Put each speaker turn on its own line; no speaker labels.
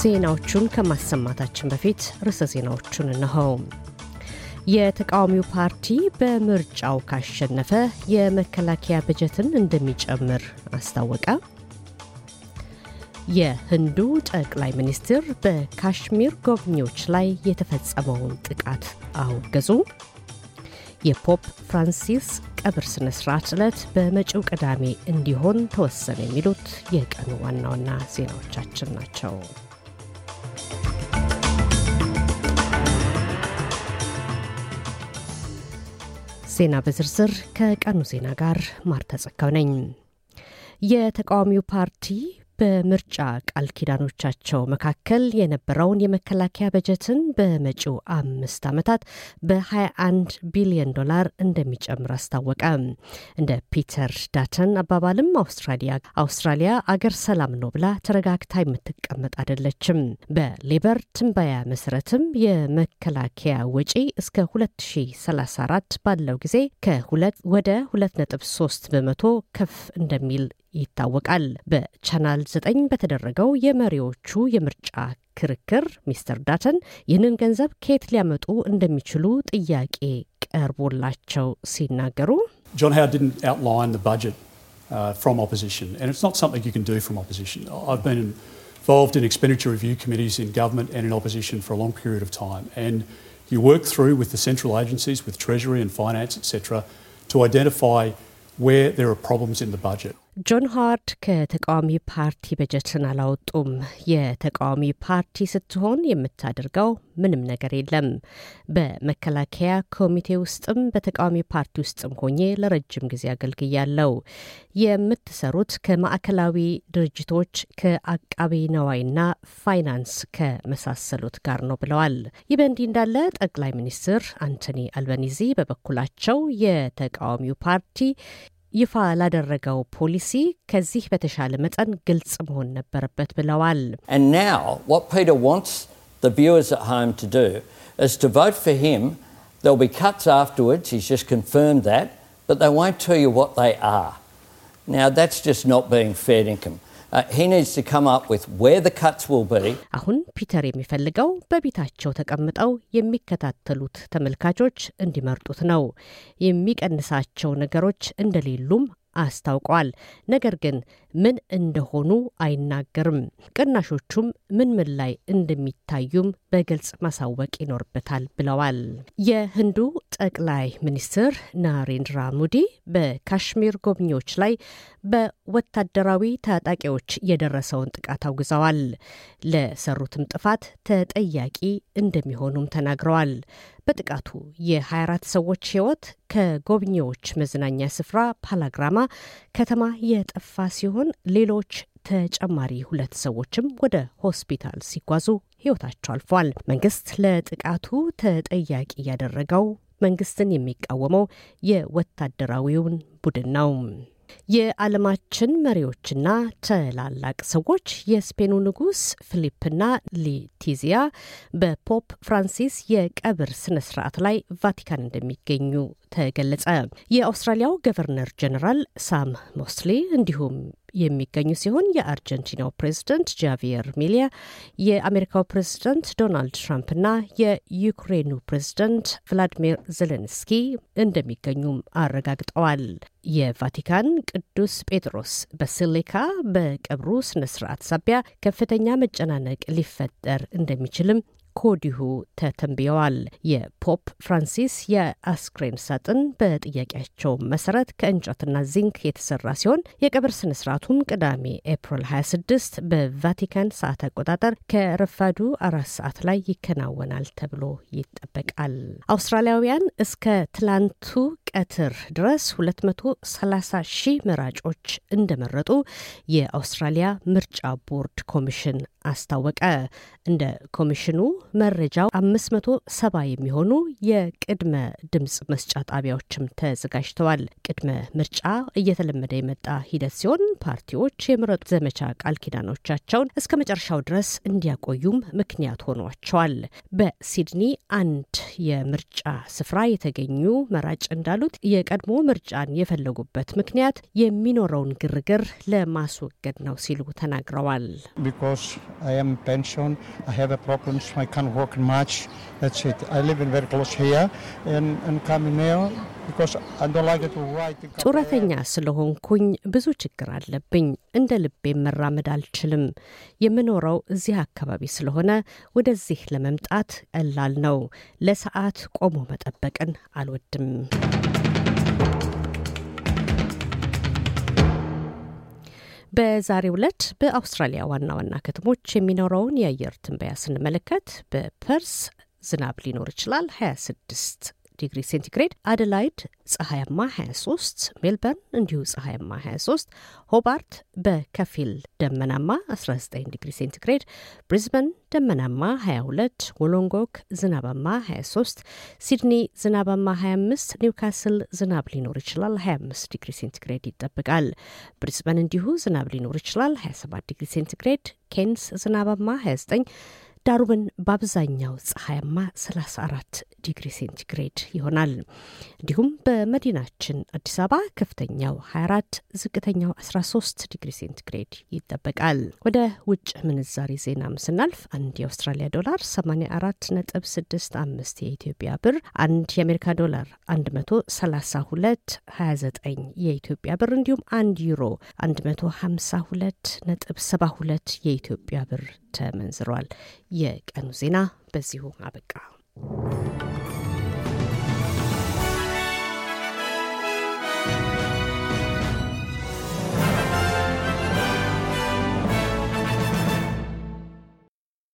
ዜናዎቹን ከማሰማታችን በፊት ርዕሰ ዜናዎቹን እነኸው። የተቃዋሚው ፓርቲ በምርጫው ካሸነፈ የመከላከያ በጀትን እንደሚጨምር አስታወቀ። የህንዱ ጠቅላይ ሚኒስትር በካሽሚር ጎብኚዎች ላይ የተፈጸመውን ጥቃት አወገዙ። የፖፕ ፍራንሲስ ቀብር ስነ ስርዓት ዕለት በመጪው ቅዳሜ እንዲሆን ተወሰነ። የሚሉት የቀኑ ዋና ዋና ዜናዎቻችን ናቸው። ዜና በዝርዝር ከቀኑ ዜና ጋር ማርታ ጸካው ነኝ። የተቃዋሚው ፓርቲ በምርጫ ቃል ኪዳኖቻቸው መካከል የነበረውን የመከላከያ በጀትን በመጪው አምስት ዓመታት በ21 ቢሊዮን ዶላር እንደሚጨምር አስታወቀ። እንደ ፒተር ዳተን አባባልም አውስትራሊያ አውስትራሊያ አገር ሰላም ነው ብላ ተረጋግታ የምትቀመጥ አይደለችም። በሌበር ትንበያ መሰረትም የመከላከያ ወጪ እስከ 2034 ባለው ጊዜ ከ ወደ 2.3 በመቶ ከፍ እንደሚል ይታወቃል። በቻናል 9 በተደረገው የመሪዎቹ የምርጫ ክርክር ሚስተር ዳተን ይህንን ገንዘብ ከየት ሊያመጡ እንደሚችሉ ጥያቄ ቀርቦላቸው ሲናገሩ ጆን ሀዋርድ didn't outline the budget uh, from opposition and it's not something you can do from opposition. I've been involved in expenditure review committees in government and in opposition for a long period of time and you work through with the central agencies, with Treasury and Finance, etc., to identify where there are problems in the budget. ጆን ሃዋርድ ከተቃዋሚ ፓርቲ በጀትን አላወጡም። የተቃዋሚ ፓርቲ ስትሆን የምታደርገው ምንም ነገር የለም። በመከላከያ ኮሚቴ ውስጥም በተቃዋሚ ፓርቲ ውስጥም ሆኜ ለረጅም ጊዜ አገልግያለው። የምትሰሩት ከማዕከላዊ ድርጅቶች ከአቃቢ ነዋይና ፋይናንስ ከመሳሰሉት ጋር ነው ብለዋል። ይህ በእንዲህ እንዳለ ጠቅላይ ሚኒስትር አንቶኒ አልበኒዚ በበኩላቸው የተቃዋሚው ፓርቲ ይፋ ላደረገው ፖሊሲ ከዚህ በተሻለ መጠን ግልጽ መሆን ነበረበት ብለዋል። Now, that's just not being fair income. Uh, አሁን ፒተር የሚፈልገው በቤታቸው ተቀምጠው የሚከታተሉት ተመልካቾች እንዲመርጡት ነው። የሚቀንሳቸው ነገሮች እንደሌሉም አስታውቋል። ነገር ግን ምን እንደሆኑ አይናገርም። ቅናሾቹም ምን ምን ላይ እንደሚታዩም በግልጽ ማሳወቅ ይኖርበታል ብለዋል። የህንዱ ጠቅላይ ሚኒስትር ናሬንድራ ሙዲ በካሽሚር ጎብኚዎች ላይ በወታደራዊ ታጣቂዎች የደረሰውን ጥቃት አውግዘዋል። ለሰሩትም ጥፋት ተጠያቂ እንደሚሆኑም ተናግረዋል። በጥቃቱ የ24 ሰዎች ህይወት ከጎብኚዎች መዝናኛ ስፍራ ፓላግራማ ከተማ የጠፋ ሲሆን ሌሎች ተጨማሪ ሁለት ሰዎችም ወደ ሆስፒታል ሲጓዙ ህይወታቸው አልፏል። መንግስት ለጥቃቱ ተጠያቂ ያደረገው መንግስትን የሚቃወመው የወታደራዊውን ቡድን ነው። የዓለማችን መሪዎችና ታላላቅ ሰዎች የስፔኑ ንጉሥ ፊሊፕና ሊቲዚያ በፖፕ ፍራንሲስ የቀብር ስነ ስርዓት ላይ ቫቲካን እንደሚገኙ ተገለጸ። የአውስትራሊያው ገቨርነር ጀነራል ሳም ሞስሊ እንዲሁም የሚገኙ ሲሆን የአርጀንቲናው ፕሬዝደንት ጃቪየር ሚሊያ፣ የአሜሪካው ፕሬዝደንት ዶናልድ ና የዩክሬኑ ፕሬዝደንት ቭላዲሚር ዜሌንስኪ እንደሚገኙም አረጋግጠዋል። የቫቲካን ቅዱስ ጴጥሮስ በሲሊካ በቀብሩ ስነ ስርዓት ሳቢያ ከፍተኛ መጨናነቅ ሊፈጠር እንደሚችልም ከወዲሁ ተተንብየዋል። የፖፕ ፍራንሲስ የአስክሬን ሳጥን በጥያቄያቸው መሰረት ከእንጨትና ዚንክ የተሰራ ሲሆን የቀብር ስነ ስርዓቱም ቅዳሜ ኤፕሪል 26 በቫቲካን ሰዓት አቆጣጠር ከረፋዱ አራት ሰዓት ላይ ይከናወናል ተብሎ ይጠበቃል። አውስትራሊያውያን እስከ ትላንቱ ቀትር ድረስ 230 ሺህ መራጮች እንደመረጡ የአውስትራሊያ ምርጫ ቦርድ ኮሚሽን አስታወቀ። እንደ ኮሚሽኑ መረጃው 570 የሚሆኑ የቅድመ ድምፅ መስጫ ጣቢያዎችም ተዘጋጅተዋል። ቅድመ ምርጫ እየተለመደ የመጣ ሂደት ሲሆን ፓርቲዎች የምረጡ ዘመቻ ቃል ኪዳኖቻቸውን እስከ መጨረሻው ድረስ እንዲያቆዩም ምክንያት ሆኗቸዋል። በሲድኒ አንድ የምርጫ ስፍራ የተገኙ መራጭ እንዳሉ እንዳሉት የቀድሞ ምርጫን የፈለጉበት ምክንያት የሚኖረውን ግርግር ለማስወገድ ነው ሲሉ ተናግረዋል። ጡረተኛ ስለሆንኩኝ ብዙ ችግር አለብኝ። እንደ ልቤ መራመድ አልችልም። የምኖረው እዚህ አካባቢ ስለሆነ ወደዚህ ለመምጣት ቀላል ነው። ለሰዓት ቆሞ መጠበቅን አልወድም። በዛሬው ዕለት በአውስትራሊያ ዋና ዋና ከተሞች የሚኖረውን የአየር ትንበያ ስንመለከት በፐርስ ዝናብ ሊኖር ይችላል 26 ዲግሪ ሴንቲግሬድ፣ አደላይድ ፀሐያማ 23፣ ሜልበርን እንዲሁ ፀሐያማ 23፣ ሆባርት በከፊል ደመናማ 19 ዲግሪ ሴንቲግሬድ፣ ብሪዝበን ደመናማ 22፣ ወሎንጎክ ዝናባማ 23፣ ሲድኒ ዝናባማ 25፣ ኒውካስል ዝናብ ሊኖር ይችላል 25 ዲግሪ ሴንቲግሬድ ይጠበቃል። ብሪዝበን እንዲሁ ዝናብ ሊኖር ይችላል 27 ዲግሪ ሴንቲግሬድ፣ ኬንስ ዝናባማ 29 ዳሩ ግን በአብዛኛው ፀሐያማ 34 ዲግሪ ሴንቲግሬድ ይሆናል። እንዲሁም በመዲናችን አዲስ አበባ ከፍተኛው 24፣ ዝቅተኛው 13 ዲግሪ ሴንቲግሬድ ይጠበቃል። ወደ ውጭ ምንዛሪ ዜናም ስናልፍ አንድ የአውስትራሊያ ዶላር 84 ነጥብ 65 የኢትዮጵያ ብር፣ አንድ የአሜሪካ ዶላር 132 29 የኢትዮጵያ ብር እንዲሁም አንድ ዩሮ 152 ነጥብ 72 የኢትዮጵያ ብር ተመንዝሯል። የቀኑ ዜና በዚሁ አበቃ። Thank you.